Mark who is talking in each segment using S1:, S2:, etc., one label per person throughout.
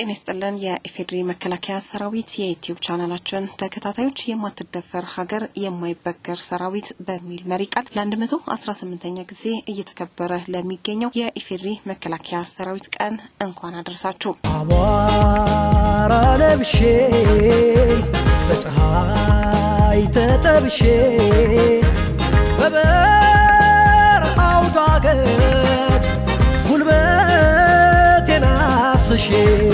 S1: ጤና ይስጥልን። የኢፌዴሪ መከላከያ ሰራዊት የዩቲዩብ ቻናላችን ተከታታዮች የማትደፈር ሀገር የማይበገር ሰራዊት በሚል መሪ ቃል ለ118ኛ ጊዜ እየተከበረ ለሚገኘው የኢፌዴሪ መከላከያ ሰራዊት ቀን እንኳን አደረሳችሁ። አቧራ ለብሼ በፀሐይ ተጠብሼ በበረሃው ዳገት ጉልበቴን አፍስሼ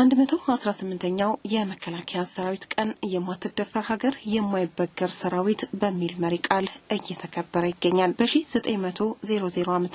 S1: አንድ መቶ አስራ ስምንተኛው የመከላከያ ሰራዊት ቀን የማትደፈር ሀገር የማይበገር ሰራዊት በሚል መሪ ቃል እየተከበረ ይገኛል። በ1900 ዓ ም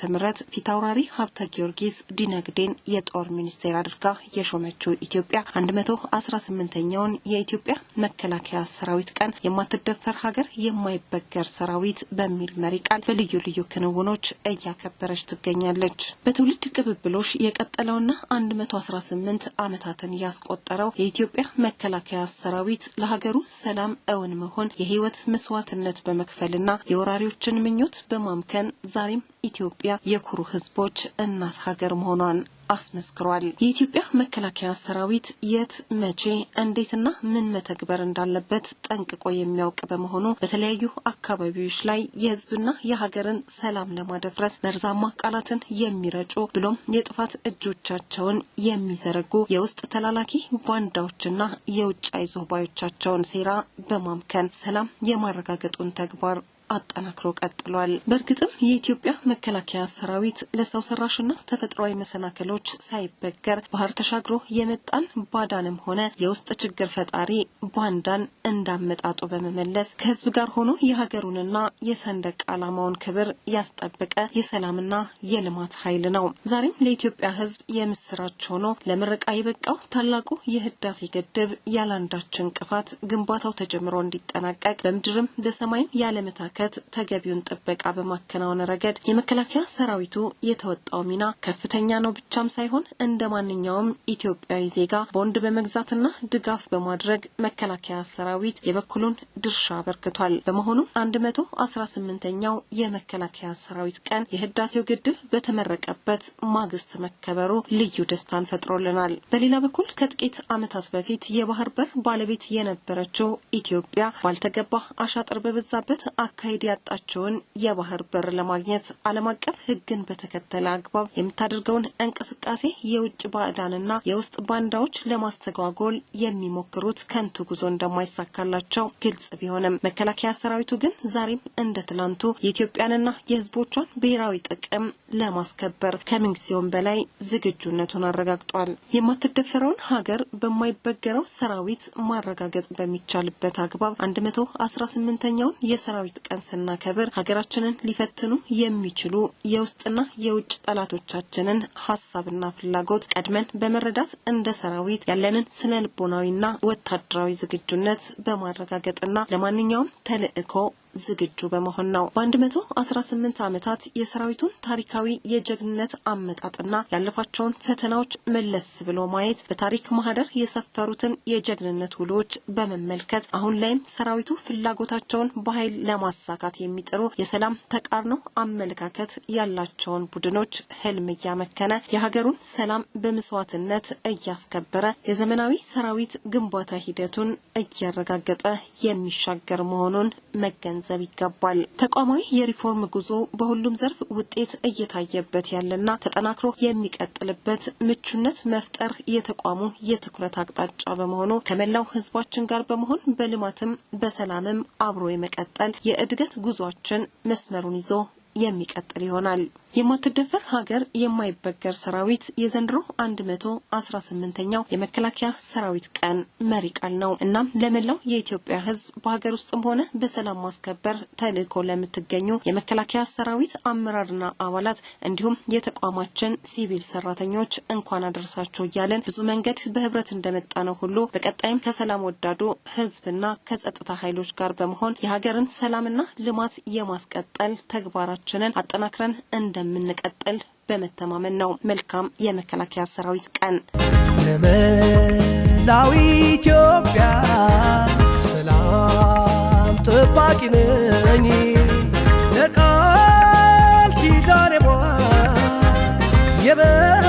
S1: ፊታውራሪ ሀብተ ጊዮርጊስ ዲነግዴን የጦር ሚኒስቴር አድርጋ የሾመችው ኢትዮጵያ 118ኛውን የኢትዮጵያ መከላከያ ሰራዊት ቀን የማትደፈር ሀገር የማይበገር ሰራዊት በሚል መሪ ቃል በልዩ ልዩ ክንውኖች እያከበረች ትገኛለች። በትውልድ ቅብብሎች የቀጠለውና 118 ዓመታት ዓመታትን ያስቆጠረው የኢትዮጵያ መከላከያ ሰራዊት ለሀገሩ ሰላም እውን መሆን የህይወት መስዋዕትነት በመክፈልና የወራሪዎችን ምኞት በማምከን ዛሬም ኢትዮጵያ የኩሩ ህዝቦች እናት ሀገር መሆኗን አስመስክሯል። የኢትዮጵያ መከላከያ ሰራዊት የት መቼ እንዴትና ምን መተግበር እንዳለበት ጠንቅቆ የሚያውቅ በመሆኑ በተለያዩ አካባቢዎች ላይ የህዝብና የሀገርን ሰላም ለማደፍረስ መርዛማ ቃላትን የሚረጩ ብሎም የጥፋት እጆቻቸውን የሚዘረጉ የውስጥ ተላላኪ ባንዳዎችና የውጭ አይዞባዮቻቸውን ሴራ በማምከን ሰላም የማረጋገጡን ተግባር አጠናክሮ ቀጥሏል። በእርግጥም የኢትዮጵያ መከላከያ ሰራዊት ለሰው ሰራሽና ተፈጥሯዊ መሰናክሎች ሳይበገር ባህር ተሻግሮ የመጣን ባዳንም ሆነ የውስጥ ችግር ፈጣሪ ባንዳን እንዳመጣጡ በመመለስ ከህዝብ ጋር ሆኖ የሀገሩንና የሰንደቅ ዓላማውን ክብር ያስጠበቀ የሰላምና የልማት ኃይል ነው። ዛሬም ለኢትዮጵያ ህዝብ የምስራች ሆኖ ለምረቃ የበቃው ታላቁ የህዳሴ ግድብ ያላንዳችን እንቅፋት ግንባታው ተጀምሮ እንዲጠናቀቅ በምድርም በሰማይም ያለመታ በማበርከት ተገቢውን ጥበቃ በማከናወን ረገድ የመከላከያ ሰራዊቱ የተወጣው ሚና ከፍተኛ ነው ብቻም ሳይሆን እንደ ማንኛውም ኢትዮጵያዊ ዜጋ ቦንድ በመግዛትና ድጋፍ በማድረግ መከላከያ ሰራዊት የበኩሉን ድርሻ አበርክቷል። በመሆኑም አስራ ስምንተኛው የመከላከያ ሰራዊት ቀን የህዳሴው ግድብ በተመረቀበት ማግስት መከበሩ ልዩ ደስታን ፈጥሮልናል። በሌላ በኩል ከጥቂት ዓመታት በፊት የባህር በር ባለቤት የነበረችው ኢትዮጵያ ባልተገባ አሻጥር በበዛበት አካሄድ ያጣችውን የባህር በር ለማግኘት ዓለም አቀፍ ህግን በተከተለ አግባብ የምታደርገውን እንቅስቃሴ የውጭ ባዕዳንና የውስጥ ባንዳዎች ለማስተጓጎል የሚሞክሩት ከንቱ ጉዞ እንደማይሳካላቸው ግልጽ ግልጽ ቢሆንም መከላከያ ሰራዊቱ ግን ዛሬም እንደ ትላንቱ የኢትዮጵያንና የህዝቦቿን ብሔራዊ ጥቅም ለማስከበር ከምንጊዜውም በላይ ዝግጁነቱን አረጋግጧል። የማትደፈረውን ሀገር በማይበገረው ሰራዊት ማረጋገጥ በሚቻልበት አግባብ አስራ ስምንተኛውን የሰራዊት ቀን ስናከብር ሀገራችንን ሊፈትኑ የሚችሉ የውስጥና የውጭ ጠላቶቻችንን ሀሳብና ፍላጎት ቀድመን በመረዳት እንደ ሰራዊት ያለንን ስነ ልቦናዊና ወታደራዊ ዝግጁነት በማረጋገጥና ለማንኛውም ተልእኮ ዝግጁ በመሆን ነው። በ118 ዓመታት የሰራዊቱን ታሪካዊ የጀግንነት አመጣጥና ያለፋቸውን ፈተናዎች መለስ ብሎ ማየት በታሪክ ማህደር የሰፈሩትን የጀግንነት ውሎች በመመልከት አሁን ላይም ሰራዊቱ ፍላጎታቸውን በኃይል ለማሳካት የሚጥሩ የሰላም ተቃርኖ አመለካከት ያላቸውን ቡድኖች ህልም እያመከነ የሀገሩን ሰላም በመስዋዕትነት እያስከበረ የዘመናዊ ሰራዊት ግንባታ ሂደቱን እያረጋገጠ የሚሻገር መሆኑን መገንዘብ መገንዘብ ይገባል። ተቋማዊ የሪፎርም ጉዞ በሁሉም ዘርፍ ውጤት እየታየበት ያለና ተጠናክሮ የሚቀጥልበት ምቹነት መፍጠር የተቋሙ የትኩረት አቅጣጫ በመሆኑ ከመላው ህዝባችን ጋር በመሆን በልማትም በሰላምም አብሮ የመቀጠል የእድገት ጉዟችን መስመሩን ይዞ የሚቀጥል ይሆናል። የማትደፈር ሀገር የማይበገር ሰራዊት የዘንድሮ 118ኛው የመከላከያ ሰራዊት ቀን መሪ ቃል ነው። እናም ለመላው የኢትዮጵያ ሕዝብ በሀገር ውስጥም ሆነ በሰላም ማስከበር ተልዕኮ ለምትገኙ የመከላከያ ሰራዊት አመራርና አባላት እንዲሁም የተቋማችን ሲቪል ሰራተኞች እንኳን አደረሳችሁ እያለን ብዙ መንገድ በህብረት እንደመጣ ነው ሁሉ በቀጣይም ከሰላም ወዳዱ ሕዝብና ከጸጥታ ኃይሎች ጋር በመሆን የሀገርን ሰላምና ልማት የማስቀጠል ተግባራችንን አጠናክረን እንደ እንደምንቀጥል በመተማመን ነው። መልካም የመከላከያ ሰራዊት ቀን ለመላው ኢትዮጵያ። ሰላም ጠባቂ ነኝ የቃል ኪዳኔ የበ